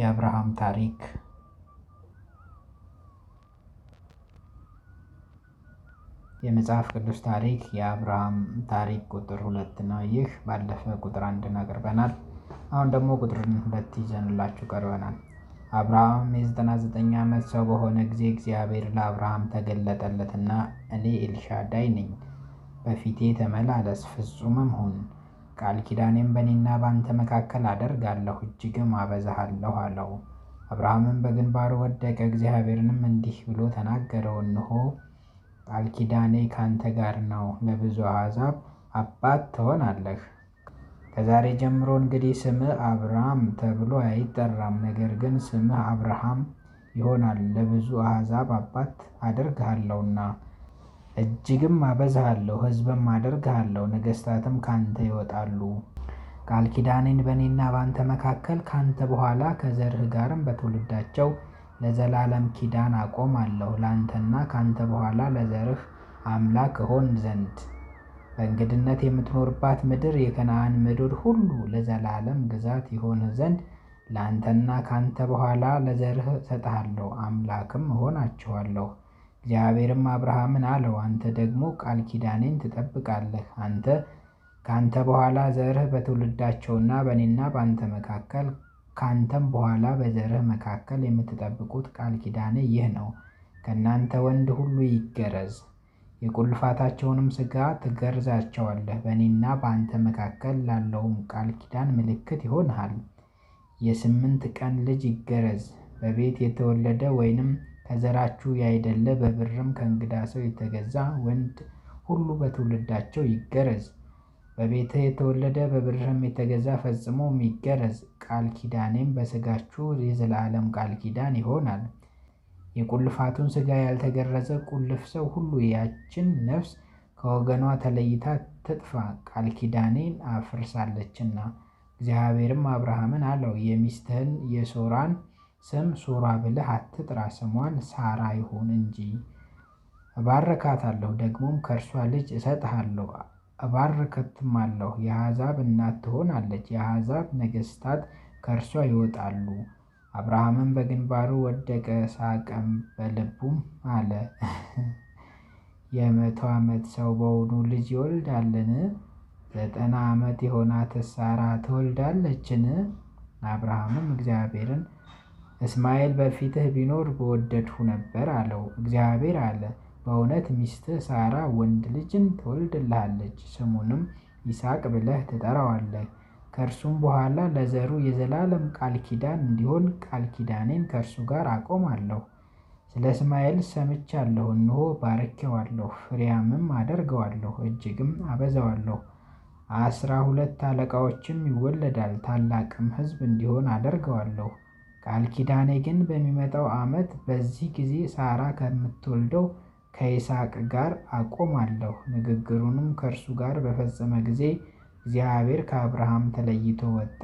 የአብርሃም ታሪክ የመጽሐፍ ቅዱስ ታሪክ የአብርሃም ታሪክ ቁጥር ሁለት ነው። ይህ ባለፈ ቁጥር አንድን አቅርበናል። አሁን ደግሞ ቁጥርን ሁለት ይዘንላችሁ ቀርበናል። አብርሃም የዘጠና ዘጠኝ ዓመት ሰው በሆነ ጊዜ እግዚአብሔር ለአብርሃም ተገለጠለትና እኔ ኤልሻዳይ ነኝ፣ በፊቴ ተመላለስ ፍጹምም ሁን ቃል ኪዳኔም በእኔና በአንተ መካከል አደርጋለሁ እጅግም አበዛሃለሁ አለው። አብርሃምም በግንባሩ ወደቀ፣ እግዚአብሔርንም እንዲህ ብሎ ተናገረው፣ እንሆ ቃል ኪዳኔ ከአንተ ጋር ነው፣ ለብዙ አሕዛብ አባት ትሆናለህ። ከዛሬ ጀምሮ እንግዲህ ስምህ አብርሃም ተብሎ አይጠራም፣ ነገር ግን ስምህ አብርሃም ይሆናል፣ ለብዙ አሕዛብ አባት አደርግሃለሁና እጅግም አበዛሃለሁ ህዝብም አደርግሃለሁ ነገሥታትም ካንተ ይወጣሉ። ቃል ኪዳኔን በእኔና በአንተ መካከል ካንተ በኋላ ከዘርህ ጋርም በትውልዳቸው ለዘላለም ኪዳን አቆም አለሁ ለአንተና ካንተ በኋላ ለዘርህ አምላክ እሆን ዘንድ በእንግድነት የምትኖርባት ምድር የከነአን ምድር ሁሉ ለዘላለም ግዛት ይሆን ዘንድ ለአንተና ካንተ በኋላ ለዘርህ እሰጥሃለሁ አምላክም እሆናችኋለሁ። እግዚአብሔርም አብርሃምን አለው፣ አንተ ደግሞ ቃል ኪዳኔን ትጠብቃለህ። አንተ ከአንተ በኋላ ዘርህ በትውልዳቸውና በእኔና በአንተ መካከል ከአንተም በኋላ በዘርህ መካከል የምትጠብቁት ቃል ኪዳኔ ይህ ነው። ከእናንተ ወንድ ሁሉ ይገረዝ፣ የቁልፋታቸውንም ሥጋ ትገርዛቸዋለህ። በእኔና በአንተ መካከል ላለውም ቃል ኪዳን ምልክት ይሆንሃል። የስምንት ቀን ልጅ ይገረዝ፣ በቤት የተወለደ ወይንም ከዘራችሁ ያይደለ በብርም ከእንግዳ ሰው የተገዛ ወንድ ሁሉ በትውልዳቸው ይገረዝ። በቤት የተወለደ በብርም የተገዛ ፈጽሞ የሚገረዝ ቃል ኪዳኔም በስጋችሁ የዘላለም ቃል ኪዳን ይሆናል። የቁልፋቱን ስጋ ያልተገረዘ ቁልፍ ሰው ሁሉ ያችን ነፍስ ከወገኗ ተለይታ ትጥፋ፣ ቃል ኪዳኔን አፍርሳለችና። እግዚአብሔርም አብርሃምን አለው የሚስትህን የሶራን ስም ሱራ ብለህ አትጥራ፣ ስሟን ሳራ ይሁን እንጂ። እባርካታለሁ ደግሞም ከእርሷ ልጅ እሰጥሃለሁ፣ አለሁ የአሕዛብ እናት ትሆናለች፣ የአሕዛብ ነገሥታት ከእርሷ ይወጣሉ። አብርሃምን በግንባሩ ወደቀ፣ ሳቀም፣ በልቡም አለ የመቶ ዓመት ሰው በውኑ ልጅ ይወልዳልን? ዘጠና ዓመት የሆናት ሳራ ትወልዳለችን? አብርሃምም እግዚአብሔርን እስማኤል በፊትህ ቢኖር በወደድሁ ነበር አለው። እግዚአብሔር አለ በእውነት ሚስትህ ሳራ ወንድ ልጅን ትወልድልሃለች፣ ስሙንም ይስሐቅ ብለህ ትጠራዋለህ። ከእርሱም በኋላ ለዘሩ የዘላለም ቃል ኪዳን እንዲሆን ቃል ኪዳኔን ከእርሱ ጋር አቆማለሁ። ስለ እስማኤል ሰምቻለሁ፣ እንሆ ባርኬዋለሁ፣ ፍሬያምም አደርገዋለሁ፣ እጅግም አበዛዋለሁ። አስራ ሁለት አለቃዎችም ይወለዳል፣ ታላቅም ሕዝብ እንዲሆን አደርገዋለሁ። ቃል ኪዳኔ ግን በሚመጣው ዓመት በዚህ ጊዜ ሳራ ከምትወልደው ከይስሐቅ ጋር አቆማለሁ። ንግግሩንም ከእርሱ ጋር በፈጸመ ጊዜ እግዚአብሔር ከአብርሃም ተለይቶ ወጣ።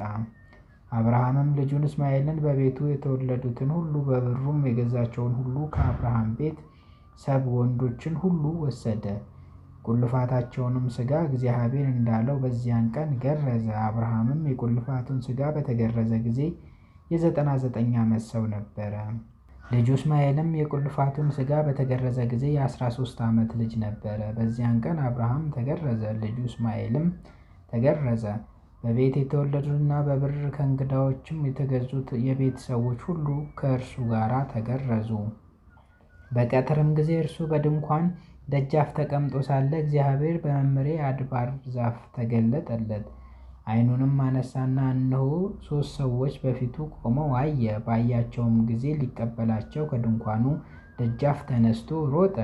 አብርሃምም ልጁን እስማኤልን በቤቱ የተወለዱትን ሁሉ በብሩም የገዛቸውን ሁሉ ከአብርሃም ቤት ሰብ ወንዶችን ሁሉ ወሰደ። ቁልፋታቸውንም ስጋ እግዚአብሔር እንዳለው በዚያን ቀን ገረዘ። አብርሃምም የቁልፋቱን ስጋ በተገረዘ ጊዜ የዘጠና ዘጠኝ ዓመት ሰው ነበረ። ልጁ እስማኤልም የቁልፋቱን ሥጋ በተገረዘ ጊዜ የ13 ዓመት ልጅ ነበረ። በዚያን ቀን አብርሃም ተገረዘ፣ ልጁ እስማኤልም ተገረዘ። በቤት የተወለዱና በብር ከእንግዳዎችም የተገዙት የቤት ሰዎች ሁሉ ከእርሱ ጋር ተገረዙ። በቀትርም ጊዜ እርሱ በድንኳን ደጃፍ ተቀምጦ ሳለ እግዚአብሔር በመምሬ አድባር ዛፍ ተገለጠለት። አይኑንም አነሳና እነሆ ሶስት ሰዎች በፊቱ ቆመው አየ። ባያቸውም ጊዜ ሊቀበላቸው ከድንኳኑ ደጃፍ ተነስቶ ሮጠ፣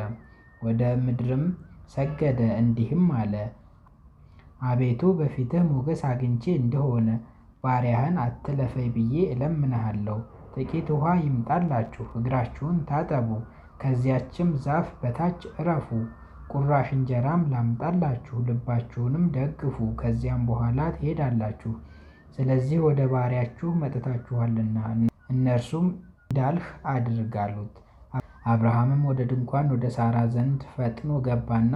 ወደ ምድርም ሰገደ፣ እንዲህም አለ አቤቱ በፊትህ ሞገስ አግኝቼ እንደሆነ ባሪያህን አትለፈይ ብዬ እለምንሃለሁ። ጥቂት ውሃ ይምጣላችሁ፣ እግራችሁን ታጠቡ፣ ከዚያችም ዛፍ በታች እረፉ። ቁራሽ እንጀራም ላምጣላችሁ ልባችሁንም ደግፉ፣ ከዚያም በኋላ ትሄዳላችሁ። ስለዚህ ወደ ባሪያችሁ መጥታችኋልና እነርሱም እንዳልህ አድርጋሉት አብርሃምም ወደ ድንኳን ወደ ሳራ ዘንድ ፈጥኖ ገባና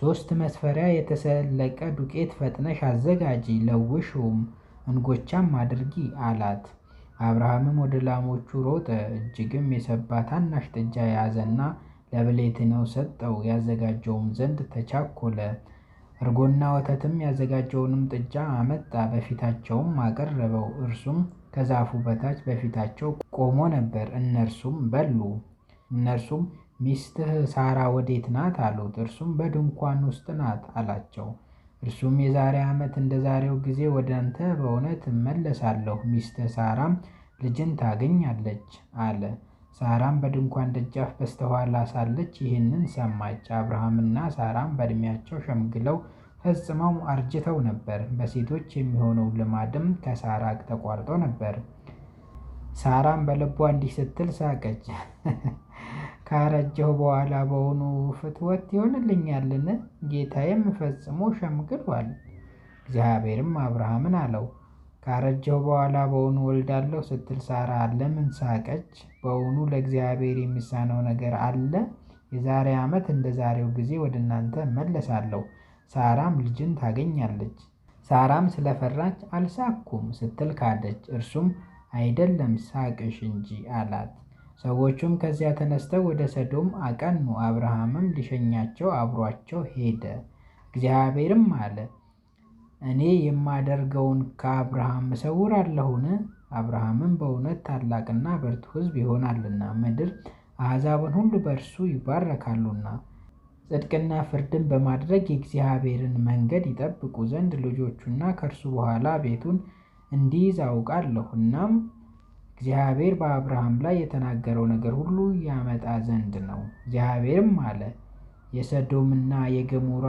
ሶስት መስፈሪያ የተሰለቀ ዱቄት ፈጥነሽ አዘጋጂ፣ ለውሽውም እንጎቻም አድርጊ አላት። አብርሃምም ወደ ላሞቹ ሮጠ፣ እጅግም የሰባ ታናሽ ጥጃ የያዘና ለብሌትናው ሰጠው፣ ያዘጋጀውም ዘንድ ተቻኮለ። እርጎና ወተትም ያዘጋጀውንም ጥጃ አመጣ፣ በፊታቸውም አቀረበው። እርሱም ከዛፉ በታች በፊታቸው ቆሞ ነበር። እነርሱም በሉ። እነርሱም ሚስትህ ሳራ ወዴት ናት አሉት። እርሱም በድንኳን ውስጥ ናት አላቸው። እርሱም የዛሬ ዓመት እንደ ዛሬው ጊዜ ወደ አንተ በእውነት እመለሳለሁ፣ ሚስትህ ሳራም ልጅን ታገኛለች አለ። ሳራም በድንኳን ደጃፍ በስተኋላ ሳለች ይህንን ሰማች። አብርሃምና ሳራም በእድሜያቸው ሸምግለው ፈጽመው አርጅተው ነበር። በሴቶች የሚሆነው ልማድም ከሳራ ተቋርጦ ነበር። ሳራም በልቧ እንዲህ ስትል ሳቀች። ካረጀው በኋላ በሆኑ ፍትወት ይሆንልኛልን? ጌታዬም ፈጽሞ ሸምግሏል። እግዚአብሔርም አብርሃምን አለው ካረጀው በኋላ በውኑ እወልዳለሁ ስትል ሳራ ለምን ሳቀች? በውኑ ለእግዚአብሔር የሚሳነው ነገር አለ? የዛሬ ዓመት እንደ ዛሬው ጊዜ ወደ እናንተ መለሳለሁ። ሳራም ልጅን ታገኛለች። ሳራም ስለፈራች አልሳኩም ስትል ካደች። እርሱም አይደለም ሳቅሽ እንጂ አላት። ሰዎቹም ከዚያ ተነስተው ወደ ሰዶም አቀኑ። አብርሃምም ሊሸኛቸው አብሯቸው ሄደ። እግዚአብሔርም አለ እኔ የማደርገውን ከአብርሃም እሰውራለሁን? አብርሃምም በእውነት ታላቅና ብርቱ ሕዝብ ይሆናልና ምድር አሕዛብን ሁሉ በእርሱ ይባረካሉና። ጽድቅና ፍርድን በማድረግ የእግዚአብሔርን መንገድ ይጠብቁ ዘንድ ልጆቹና ከእርሱ በኋላ ቤቱን እንዲይዝ አውቃለሁ። እናም እግዚአብሔር በአብርሃም ላይ የተናገረው ነገር ሁሉ ያመጣ ዘንድ ነው። እግዚአብሔርም አለ የሰዶምና የገሞራ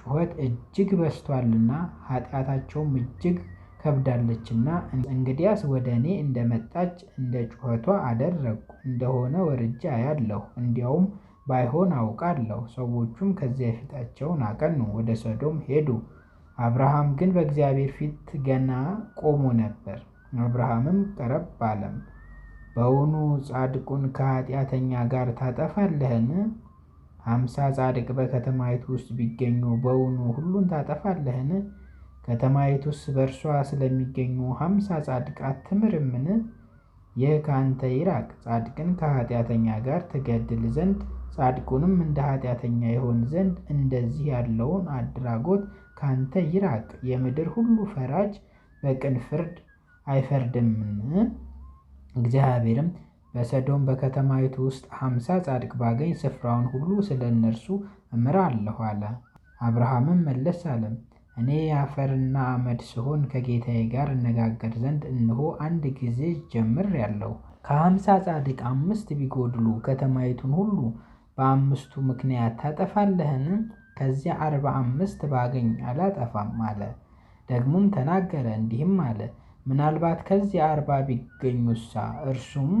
ጩኸት እጅግ በስቷልና ኃጢአታቸውም እጅግ ከብዳለችና እንግዲያስ ወደ እኔ እንደመጣች እንደ ጩኸቷ አደረግኩ እንደሆነ ወርጃ ያለሁ እንዲያውም ባይሆን አውቃለሁ። ሰዎቹም ከዚያ የፊታቸውን አቀኑ፣ ወደ ሰዶም ሄዱ። አብርሃም ግን በእግዚአብሔር ፊት ገና ቆሞ ነበር። አብርሃምም ቀረብ አለም፣ በውኑ ጻድቁን ከኃጢአተኛ ጋር ታጠፋለህን? አምሳ ጻድቅ በከተማይቱ ውስጥ ቢገኙ በውኑ ሁሉን ታጠፋለህን? ከተማይቱስ በእርሷ ስለሚገኙ ሀምሳ ጻድቅ አትምርምን? ይህ ከአንተ ይራቅ። ጻድቅን ከኃጢአተኛ ጋር ትገድል ዘንድ ጻድቁንም እንደ ኃጢአተኛ ይሆን ዘንድ እንደዚህ ያለውን አድራጎት ካንተ ይራቅ። የምድር ሁሉ ፈራጅ በቅን ፍርድ አይፈርድምን? እግዚአብሔርም በሰዶም በከተማይቱ ውስጥ ሀምሳ ጻድቅ ባገኝ ስፍራውን ሁሉ ስለ እነርሱ አለሁ አለ። አብርሃምም መለስ አለም እኔ የአፈርና አመድ ስሆን ከጌታዬ ጋር እነጋገር ዘንድ እንሆ አንድ ጊዜ ጀምር ያለው ከሀምሳ ጻድቅ አምስት ቢጎድሉ ከተማይቱን ሁሉ በአምስቱ ምክንያት ታጠፋለህን? ከዚያ አርባ አምስት ባገኝ አላጠፋም አለ። ደግሞም ተናገረ እንዲህም አለ ምናልባት ከዚያ አርባ ቢገኙሳ እርሱም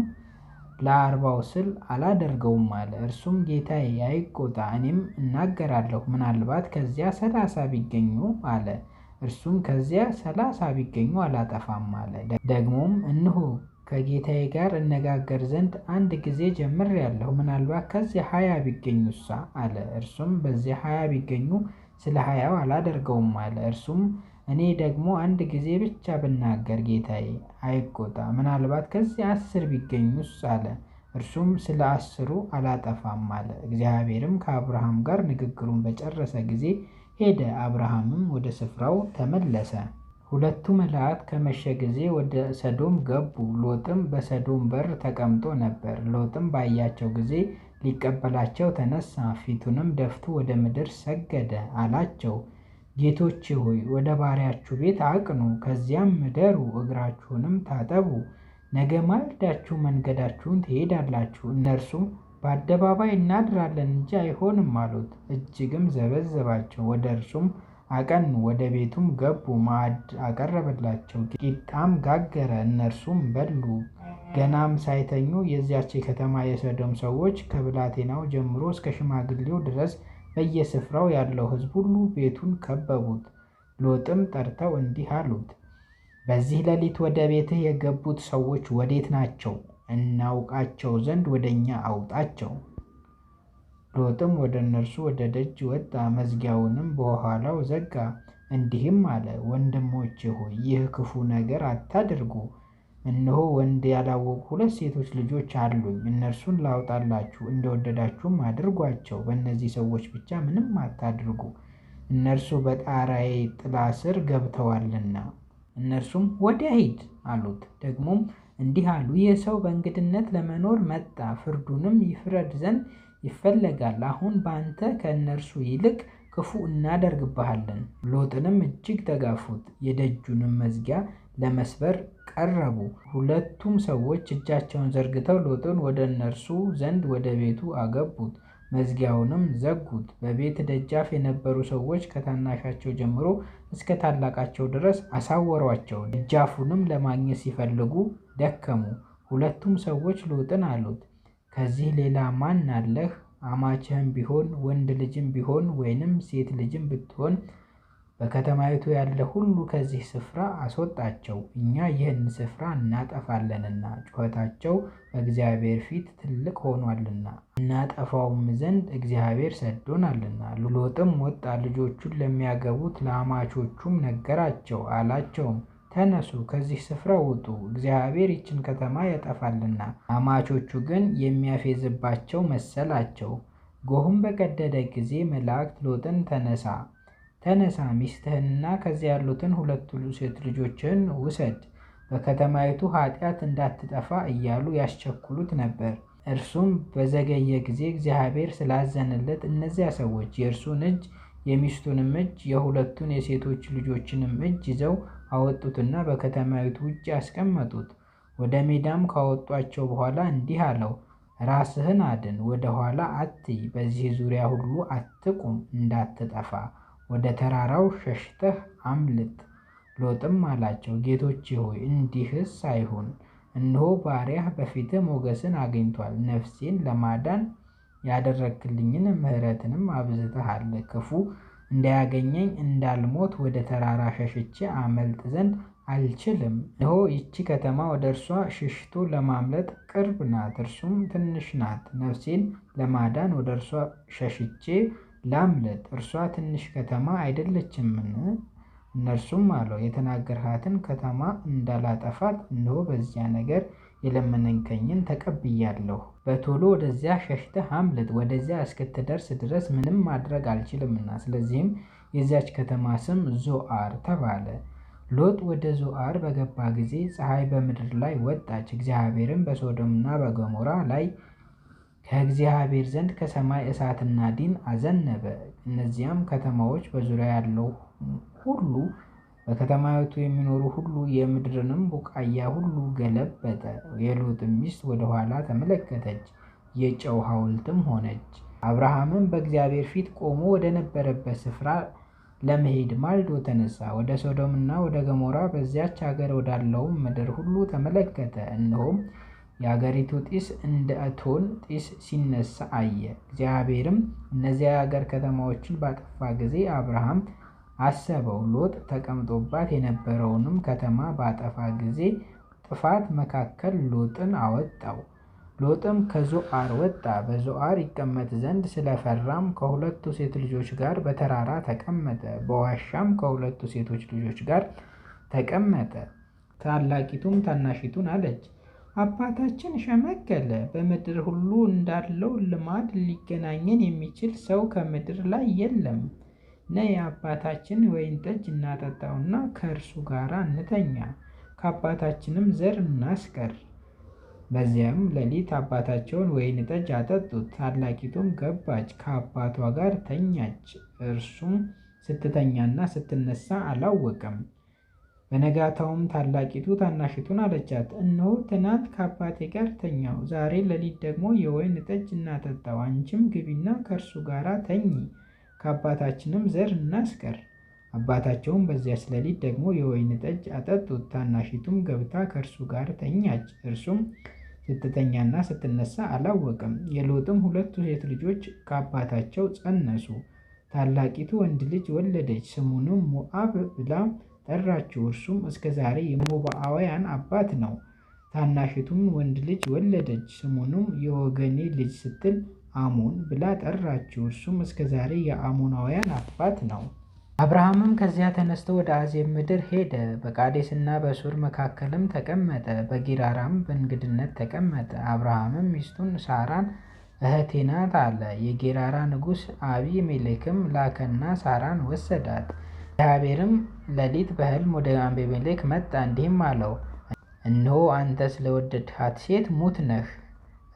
ለአርባው ስል አላደርገውም አለ። እርሱም ጌታዬ አይቆጣ፣ እኔም እናገራለሁ፣ ምናልባት ከዚያ ሰላሳ ቢገኙ አለ። እርሱም ከዚያ ሰላሳ ቢገኙ አላጠፋም አለ። ደግሞም እንሆ ከጌታዬ ጋር እነጋገር ዘንድ አንድ ጊዜ ጀምሬያለሁ፣ ምናልባት ከዚያ ሀያ ቢገኙሳ አለ። እርሱም በዚያ ሀያ ቢገኙ ስለ ሀያው አላደርገውም አለ። እርሱም እኔ ደግሞ አንድ ጊዜ ብቻ ብናገር ጌታዬ አይቆጣ፣ ምናልባት ከዚህ አስር ቢገኙስ አለ። እርሱም ስለ አስሩ አላጠፋም አለ። እግዚአብሔርም ከአብርሃም ጋር ንግግሩን በጨረሰ ጊዜ ሄደ። አብርሃምም ወደ ስፍራው ተመለሰ። ሁለቱ መላእክት ከመሸ ጊዜ ወደ ሰዶም ገቡ። ሎጥም በሰዶም በር ተቀምጦ ነበር። ሎጥም ባያቸው ጊዜ ሊቀበላቸው ተነሳ። ፊቱንም ደፍቶ ወደ ምድር ሰገደ። አላቸው ጌቶቼ ሆይ ወደ ባሪያችሁ ቤት አቅኑ፣ ከዚያም እደሩ፣ እግራችሁንም ታጠቡ። ነገ ማልዳችሁ መንገዳችሁን ትሄዳላችሁ፣ እነርሱም በአደባባይ እናድራለን እንጂ አይሆንም አሉት። እጅግም ዘበዘባቸው። ወደ እርሱም አቀኑ፣ ወደ ቤቱም ገቡ። ማዕድ አቀረበላቸው፣ ቂጣም ጋገረ፣ እነርሱም በሉ። ገናም ሳይተኙ የዚያች ከተማ የሰዶም ሰዎች ከብላቴናው ጀምሮ እስከ ሽማግሌው ድረስ በየስፍራው ያለው ህዝብ ሁሉ ቤቱን ከበቡት። ሎጥም ጠርተው እንዲህ አሉት፣ በዚህ ሌሊት ወደ ቤትህ የገቡት ሰዎች ወዴት ናቸው? እናውቃቸው ዘንድ ወደ እኛ አውጣቸው። ሎጥም ወደ እነርሱ ወደ ደጅ ወጣ፣ መዝጊያውንም በኋላው ዘጋ። እንዲህም አለ፣ ወንድሞቼ ሆይ ይህ ክፉ ነገር አታድርጉ። እነሆ ወንድ ያላወቁ ሁለት ሴቶች ልጆች አሉኝ። እነርሱን ላውጣላችሁ እንደወደዳችሁም አድርጓቸው። በእነዚህ ሰዎች ብቻ ምንም አታድርጉ፣ እነርሱ በጣራዬ ጥላ ስር ገብተዋልና። እነርሱም ወዲያ ሂድ አሉት። ደግሞም እንዲህ አሉ፣ ይህ ሰው በእንግድነት ለመኖር መጣ፣ ፍርዱንም ይፍረድ ዘንድ ይፈለጋል። አሁን በአንተ ከእነርሱ ይልቅ ክፉ እናደርግብሃለን። ሎጥንም እጅግ ተጋፉት፣ የደጁንም መዝጊያ ለመስበር ቀረቡ። ሁለቱም ሰዎች እጃቸውን ዘርግተው ሎጥን ወደ እነርሱ ዘንድ ወደ ቤቱ አገቡት፣ መዝጊያውንም ዘጉት። በቤት ደጃፍ የነበሩ ሰዎች ከታናሻቸው ጀምሮ እስከ ታላቃቸው ድረስ አሳወሯቸው። ደጃፉንም ለማግኘት ሲፈልጉ ደከሙ። ሁለቱም ሰዎች ሎጥን አሉት፣ ከዚህ ሌላ ማን አለህ? አማችህም ቢሆን ወንድ ልጅም ቢሆን ወይንም ሴት ልጅም ብትሆን በከተማይቱ ያለ ሁሉ ከዚህ ስፍራ አስወጣቸው፣ እኛ ይህን ስፍራ እናጠፋለንና ጩኸታቸው በእግዚአብሔር ፊት ትልቅ ሆኗልና እናጠፋውም ዘንድ እግዚአብሔር ሰዶናልና። ሎጥም ወጣ፣ ልጆቹን ለሚያገቡት ለአማቾቹም ነገራቸው። አላቸውም ተነሱ፣ ከዚህ ስፍራ ውጡ፣ እግዚአብሔር ይችን ከተማ ያጠፋልና። አማቾቹ ግን የሚያፌዝባቸው መሰላቸው። ጎሁም በቀደደ ጊዜ መላእክት ሎጥን ተነሳ ተነሳ፣ ሚስትህንና ከዚያ ያሉትን ሁለቱ ሴት ልጆችን ውሰድ፣ በከተማይቱ ኃጢአት እንዳትጠፋ እያሉ ያስቸኩሉት ነበር። እርሱም በዘገየ ጊዜ እግዚአብሔር ስላዘነለት እነዚያ ሰዎች የእርሱን እጅ የሚስቱንም እጅ የሁለቱን የሴቶች ልጆችንም እጅ ይዘው አወጡትና በከተማይቱ ውጭ ያስቀመጡት። ወደ ሜዳም ካወጧቸው በኋላ እንዲህ አለው፣ ራስህን አድን፣ ወደ ኋላ አትይ፣ በዚህ ዙሪያ ሁሉ አትቁም፣ እንዳትጠፋ ወደ ተራራው ሸሽተህ አምልጥ። ሎጥም አላቸው፣ ጌቶቼ ሆይ እንዲህስ አይሁን። እነሆ ባሪያህ በፊትህ ሞገስን አግኝቷል። ነፍሴን ለማዳን ያደረግክልኝን ምሕረትንም አብዝተሃል። ክፉ እንዳያገኘኝ እንዳልሞት ወደ ተራራ ሸሽቼ አመልጥ ዘንድ አልችልም። እነሆ ይቺ ከተማ ወደ እርሷ ሽሽቶ ለማምለጥ ቅርብ ናት፣ እርሱም ትንሽ ናት። ነፍሴን ለማዳን ወደ እርሷ ሸሽቼ ላምለት እርሷ ትንሽ ከተማ አይደለችምን? እነርሱም አለው የተናገርሃትን ከተማ እንዳላጠፋት እንሆ በዚያ ነገር የለመነኝከኝን ተቀብያለሁ። በቶሎ ወደዚያ ሸሽተህ አምልጥ። ወደዚያ እስክትደርስ ድረስ ምንም ማድረግ አልችልምና። ስለዚህም የዚያች ከተማ ስም ዞአር ተባለ። ሎጥ ወደ ዞአር በገባ ጊዜ ፀሐይ በምድር ላይ ወጣች። እግዚአብሔርም በሶዶምና በገሞራ ላይ ከእግዚአብሔር ዘንድ ከሰማይ እሳትና ዲን አዘነበ። እነዚያም ከተማዎች በዙሪያ ያለው ሁሉ በከተማይቱ የሚኖሩ ሁሉ የምድርንም ቡቃያ ሁሉ ገለበጠ። የሎጥ ሚስት ወደኋላ ተመለከተች፣ የጨው ሐውልትም ሆነች። አብርሃምም በእግዚአብሔር ፊት ቆሞ ወደ ነበረበት ስፍራ ለመሄድ ማልዶ ተነሳ። ወደ ሶዶምና ወደ ገሞራ በዚያች ሀገር ወዳለውም ምድር ሁሉ ተመለከተ። እነሆም የአገሪቱ ጢስ እንደ እቶን ጢስ ሲነሳ አየ። እግዚአብሔርም እነዚያ የአገር ከተማዎችን ባጠፋ ጊዜ አብርሃም አሰበው። ሎጥ ተቀምጦባት የነበረውንም ከተማ ባጠፋ ጊዜ ጥፋት መካከል ሎጥን አወጣው። ሎጥም ከዞአር ወጣ፣ በዞአር ይቀመጥ ዘንድ ስለፈራም ከሁለቱ ሴት ልጆች ጋር በተራራ ተቀመጠ። በዋሻም ከሁለቱ ሴቶች ልጆች ጋር ተቀመጠ። ታላቂቱም ታናሺቱን አለች አባታችን ሸመገለ። በምድር ሁሉ እንዳለው ልማድ ሊገናኘን የሚችል ሰው ከምድር ላይ የለም። ነይ አባታችን ወይን ጠጅ እናጠጣውና ከእርሱ ጋር እንተኛ፣ ከአባታችንም ዘር እናስቀር። በዚያም ሌሊት አባታቸውን ወይን ጠጅ አጠጡት። ታላቂቱም ገባች፣ ከአባቷ ጋር ተኛች። እርሱም ስትተኛና ስትነሳ አላወቀም። በነጋታውም ታላቂቱ ታናሽቱን አለቻት፣ እነሆ ትናንት ከአባቴ ጋር ተኛው፣ ዛሬ ሌሊት ደግሞ የወይን ጠጅ እናጠጣው። አንቺም ግቢና ከእርሱ ጋር ተኚ፣ ከአባታችንም ዘር እናስቀር። አባታቸውም በዚያች ሌሊት ደግሞ የወይን ጠጅ አጠጡት። ታናሽቱም ገብታ ከእርሱ ጋር ተኛች። እርሱም ስትተኛና ስትነሳ አላወቅም። የሎጥም ሁለቱ ሴት ልጆች ከአባታቸው ጸነሱ። ታላቂቱ ወንድ ልጅ ወለደች፣ ስሙንም ሞአብ ብላ ጠራችው። እርሱም እስከ ዛሬ የሞባአውያን አባት ነው። ታናሽቱም ወንድ ልጅ ወለደች። ስሙንም የወገኔ ልጅ ስትል አሞን ብላ ጠራችው። እርሱም እስከ ዛሬ የአሞናውያን አባት ነው። አብርሃምም ከዚያ ተነስተ ወደ አዜብ ምድር ሄደ። በቃዴስና በሱር መካከልም ተቀመጠ። በጊራራም በእንግድነት ተቀመጠ። አብርሃምም ሚስቱን ሳራን እህቴ ናት አለ። የጌራራ ንጉሥ ሜሌክም ላከና ሳራን ወሰዳት። እግዚአብሔርም ሌሊት በህልም ወደ አቤሜሌክ መጣ እንዲህም አለው፣ እነሆ አንተ ስለወደድሃት ሴት ሙት ነህ፣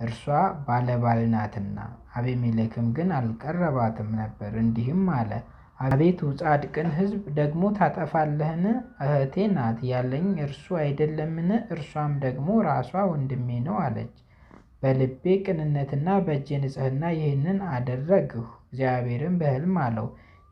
እርሷ ባለባል ናትና። አቤሜሌክም ግን አልቀረባትም ነበር። እንዲህም አለ፣ አቤቱ ጻድቅን ሕዝብ ደግሞ ታጠፋለህን? እህቴ ናት ያለኝ እርሱ አይደለምን? እርሷም ደግሞ ራሷ ወንድሜ ነው አለች። በልቤ ቅንነትና በእጄ ንጽህና ይህንን አደረግሁ። እግዚአብሔርም በህልም አለው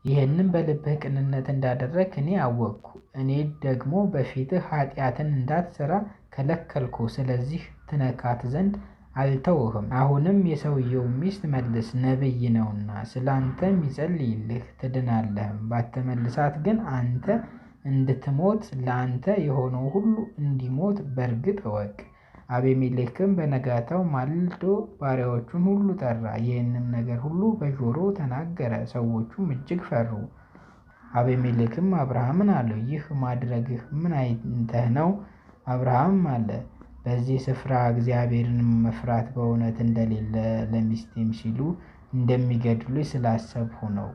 ይህንም በልብህ ቅንነት እንዳደረግ እኔ አወቅኩ። እኔ ደግሞ በፊትህ ኃጢአትን እንዳትሰራ ከለከልኩ። ስለዚህ ትነካት ዘንድ አልተውህም። አሁንም የሰውየው ሚስት መልስ፣ ነብይ ነውና ስለ አንተም ይጸልይልህ ትድናለህም። ባትመልሳት ግን አንተ እንድትሞት ለአንተ የሆነው ሁሉ እንዲሞት በእርግጥ እወቅ። አቤሜሌክም በነጋታው ማልዶ ባሪያዎቹን ሁሉ ጠራ፣ ይህንም ነገር ሁሉ በጆሮ ተናገረ። ሰዎቹም እጅግ ፈሩ። አቤሜሌክም አብርሃምን አለው፣ ይህ ማድረግህ ምን አይተህ ነው? አብርሃምም አለ፣ በዚህ ስፍራ እግዚአብሔርን መፍራት በእውነት እንደሌለ ለሚስቴም ሲሉ እንደሚገድሉኝ ስላሰብሁ ነው።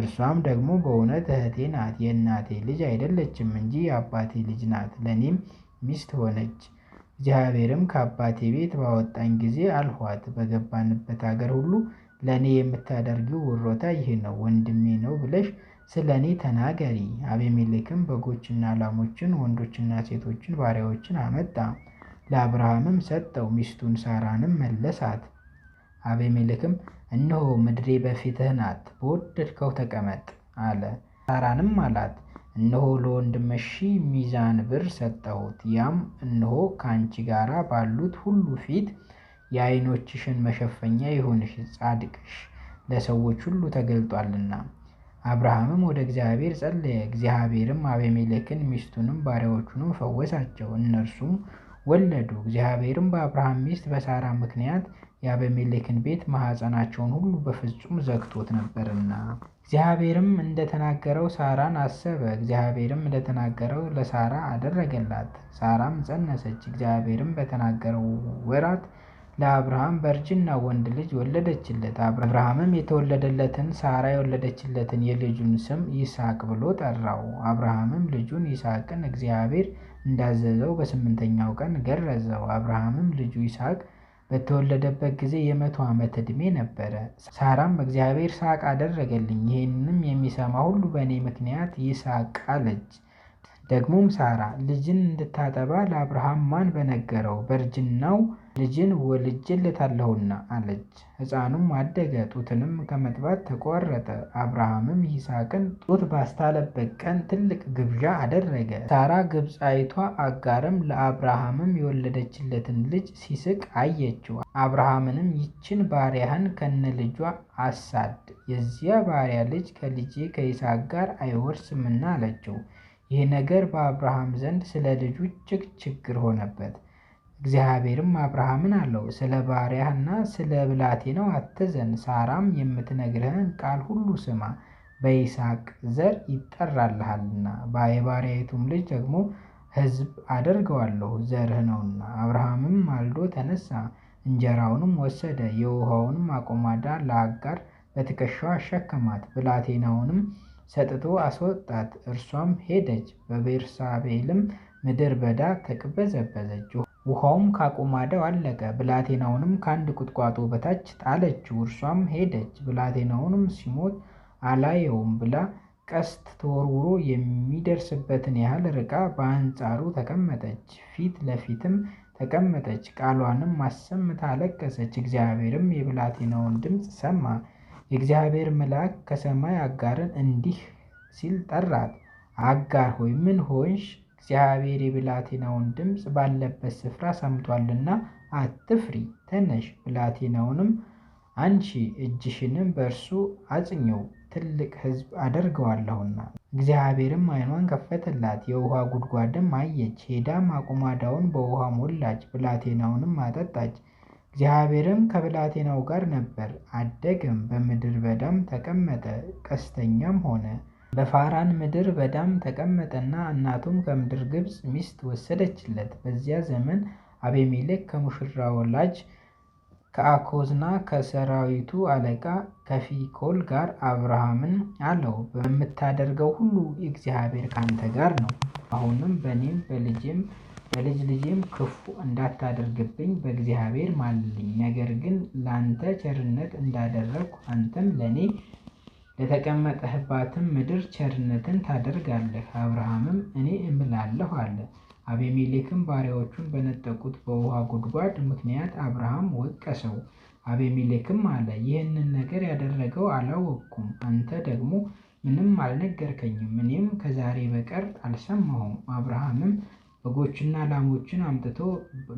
እርሷም ደግሞ በእውነት እህቴ ናት፣ የእናቴ ልጅ አይደለችም እንጂ የአባቴ ልጅ ናት፣ ለእኔም ሚስት ሆነች። እግዚአብሔርም ከአባቴ ቤት ባወጣኝ ጊዜ አልኋት፣ በገባንበት ሀገር ሁሉ ለእኔ የምታደርጊው ውሮታ ይህ ነው፣ ወንድሜ ነው ብለሽ ስለ እኔ ተናገሪ። አቤሜሌክም በጎችና ላሞችን፣ ወንዶችና ሴቶችን ባሪያዎችን አመጣ፣ ለአብርሃምም ሰጠው፣ ሚስቱን ሳራንም መለሳት። አቤሜሌክም እነሆ ምድሬ በፊትህ ናት፣ በወደድከው ተቀመጥ አለ። ሳራንም አላት እነሆ ለወንድምሽ ሺህ ሚዛን ብር ሰጠሁት። ያም እነሆ ከአንቺ ጋር ባሉት ሁሉ ፊት የዓይኖችሽን መሸፈኛ ይሁንሽ፣ ጻድቅሽ ለሰዎች ሁሉ ተገልጧልና። አብርሃምም ወደ እግዚአብሔር ጸለየ። እግዚአብሔርም አቤሜሌክን ሚስቱንም ባሪያዎቹንም ፈወሳቸው፣ እነርሱም ወለዱ። እግዚአብሔርም በአብርሃም ሚስት በሳራ ምክንያት የአቤሜሌክን ቤት ማኅፀናቸውን ሁሉ በፍጹም ዘግቶት ነበርና እግዚአብሔርም እንደተናገረው ሳራን አሰበ። እግዚአብሔርም እንደተናገረው ለሳራ አደረገላት። ሳራም ጸነሰች። እግዚአብሔርም በተናገረው ወራት ለአብርሃም በእርጅና ወንድ ልጅ ወለደችለት። አብርሃምም የተወለደለትን ሳራ የወለደችለትን የልጁን ስም ይስሐቅ ብሎ ጠራው። አብርሃምም ልጁን ይስሐቅን እግዚአብሔር እንዳዘዘው በስምንተኛው ቀን ገረዘው። አብርሃምም ልጁ ይስሐቅ በተወለደበት ጊዜ የመቶ ዓመት ዕድሜ ነበረ። ሳራም እግዚአብሔር ሳቅ አደረገልኝ፣ ይህንም የሚሰማ ሁሉ በእኔ ምክንያት ይሳቅ አለች። ደግሞም ሳራ ልጅን እንድታጠባ ለአብርሃም ማን በነገረው? በእርጅናው ልጅን ወልጄለታለሁና አለች። ሕፃኑም አደገ፣ ጡትንም ከመጥባት ተቋረጠ አብርሃምም ይስሐቅን ጡት ባስታለበት ቀን ትልቅ ግብዣ አደረገ። ሳራ ግብፃዊቷ አጋርም ለአብርሃምም የወለደችለትን ልጅ ሲስቅ አየችው። አብርሃምንም ይችን ባሪያህን ከነ ልጇ አሳድ፣ የዚያ ባሪያ ልጅ ከልጄ ከይስሐቅ ጋር አይወርስምና አለችው። ይህ ነገር በአብርሃም ዘንድ ስለ ልጁ እጅግ ችግር ሆነበት። እግዚአብሔርም አብርሃምን አለው፣ ስለ ባሪያህና ስለ ነው አትዘን፣ ሳራም የምትነግርህን ቃል ሁሉ ስማ በይስሐቅ ዘር ይጠራልሃልና የባሪያይቱም ልጅ ደግሞ ሕዝብ አደርገዋለሁ ዘርህ ነውና። አብርሃምም ማልዶ ተነሳ፣ እንጀራውንም ወሰደ፣ የውሃውንም አቆማዳ ለአጋር በትከሻው አሸከማት። ብላቴናውንም ሰጥቶ አስወጣት። እርሷም ሄደች፣ በቤርሳቤልም ምድር በዳ ተቅበዘበዘች። ውሃውም ካቁማደው አለቀ። ብላቴናውንም ከአንድ ቁጥቋጦ በታች ጣለችው። እርሷም ሄደች፣ ብላቴናውንም ሲሞት አላየውም ብላ ቀስት ተወርውሮ የሚደርስበትን ያህል ርቃ በአንጻሩ ተቀመጠች። ፊት ለፊትም ተቀመጠች። ቃሏንም አሰምታ አለቀሰች። እግዚአብሔርም የብላቴናውን ድምፅ ሰማ። የእግዚአብሔር መልአክ ከሰማይ አጋርን እንዲህ ሲል ጠራት፣ አጋር ሆይ ምን ሆንሽ? እግዚአብሔር የብላቴናውን ድምፅ ባለበት ስፍራ ሰምቷልና አትፍሪ፣ ተነሽ፣ ብላቴናውንም አንቺ እጅሽንም በእርሱ አጽኘው፣ ትልቅ ሕዝብ አደርገዋለሁና። እግዚአብሔርም ዓይኗን ከፈተላት፣ የውሃ ጉድጓድም አየች። ሄዳም አቁማዳውን በውሃ ሞላች፣ ብላቴናውንም አጠጣች። እግዚአብሔርም ከብላቴናው ጋር ነበር፣ አደገም፣ በምድር በዳም ተቀመጠ፣ ቀስተኛም ሆነ። በፋራን ምድር በዳም ተቀመጠና እናቱም ከምድር ግብፅ ሚስት ወሰደችለት። በዚያ ዘመን አቤሜሌክ ከሙሽራ ወላጅ ከአኮዝና ከሰራዊቱ አለቃ ከፊኮል ጋር አብርሃምን አለው፣ በምታደርገው ሁሉ እግዚአብሔር ካንተ ጋር ነው። አሁንም በእኔም በልጄም በልጅ ልጄም ክፉ እንዳታደርግብኝ በእግዚአብሔር ማልልኝ። ነገር ግን ላንተ ቸርነት እንዳደረግኩ አንተም ለእኔ ለተቀመጠህባትም ምድር ቸርነትን ታደርጋለህ። አብርሃምም እኔ እምላለሁ አለ። አቤሜሌክም ባሪያዎቹን በነጠቁት በውሃ ጉድጓድ ምክንያት አብርሃም ወቀሰው። አቤሜሌክም አለ፣ ይህንን ነገር ያደረገው አላወቅኩም። አንተ ደግሞ ምንም አልነገርከኝም፣ እኔም ከዛሬ በቀር አልሰማሁም። አብርሃምም በጎችና ላሞችን አምጥቶ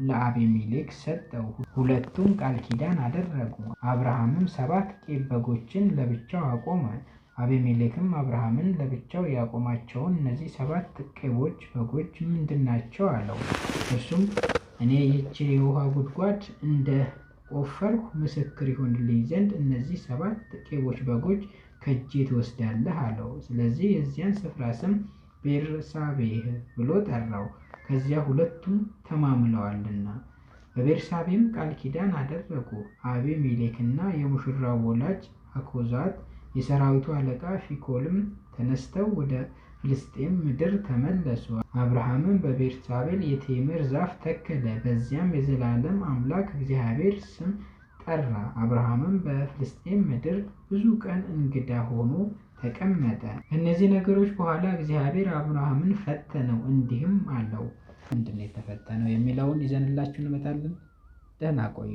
ለአቤሜሌክ ሰጠው። ሁለቱም ቃል ኪዳን አደረጉ። አብርሃምም ሰባት ቄብ በጎችን ለብቻው አቆመ። አቤሜሌክም አብርሃምን ለብቻው ያቆማቸውን እነዚህ ሰባት ቄቦች በጎች ምንድናቸው? አለው። እርሱም እኔ ይህች የውሃ ጉድጓድ እንደ ቆፈርኩ ምስክር ይሆንልኝ ዘንድ እነዚህ ሰባት ቄቦች በጎች ከእጄ ትወስዳለህ አለው። ስለዚህ የዚያን ስፍራ ስም ቤርሳቤህ ብሎ ጠራው። ከዚያ ሁለቱም ተማምለዋልና በቤርሳቤም ቃል ኪዳን አደረጉ። ሜሌክና የሙሽራው ወላጅ አኮዛት የሰራዊቱ አለቃ ፊኮልም ተነስተው ወደ ፍልስጤም ምድር ተመለሱ። አብርሃምም በቤርሳቤል የቴምር ዛፍ ተከለ፣ በዚያም የዘላለም አምላክ እግዚአብሔር ስም ጠራ። አብርሃምም በፍልስጤም ምድር ብዙ ቀን እንግዳ ሆኖ ተቀመጠ። እነዚህ ነገሮች በኋላ እግዚአብሔር አብርሃምን ፈተነው እንዲህም አለው። ምንድን ነው የተፈተነው የሚለውን ይዘንላችሁ እንመጣለን። ደህና ቆዩ።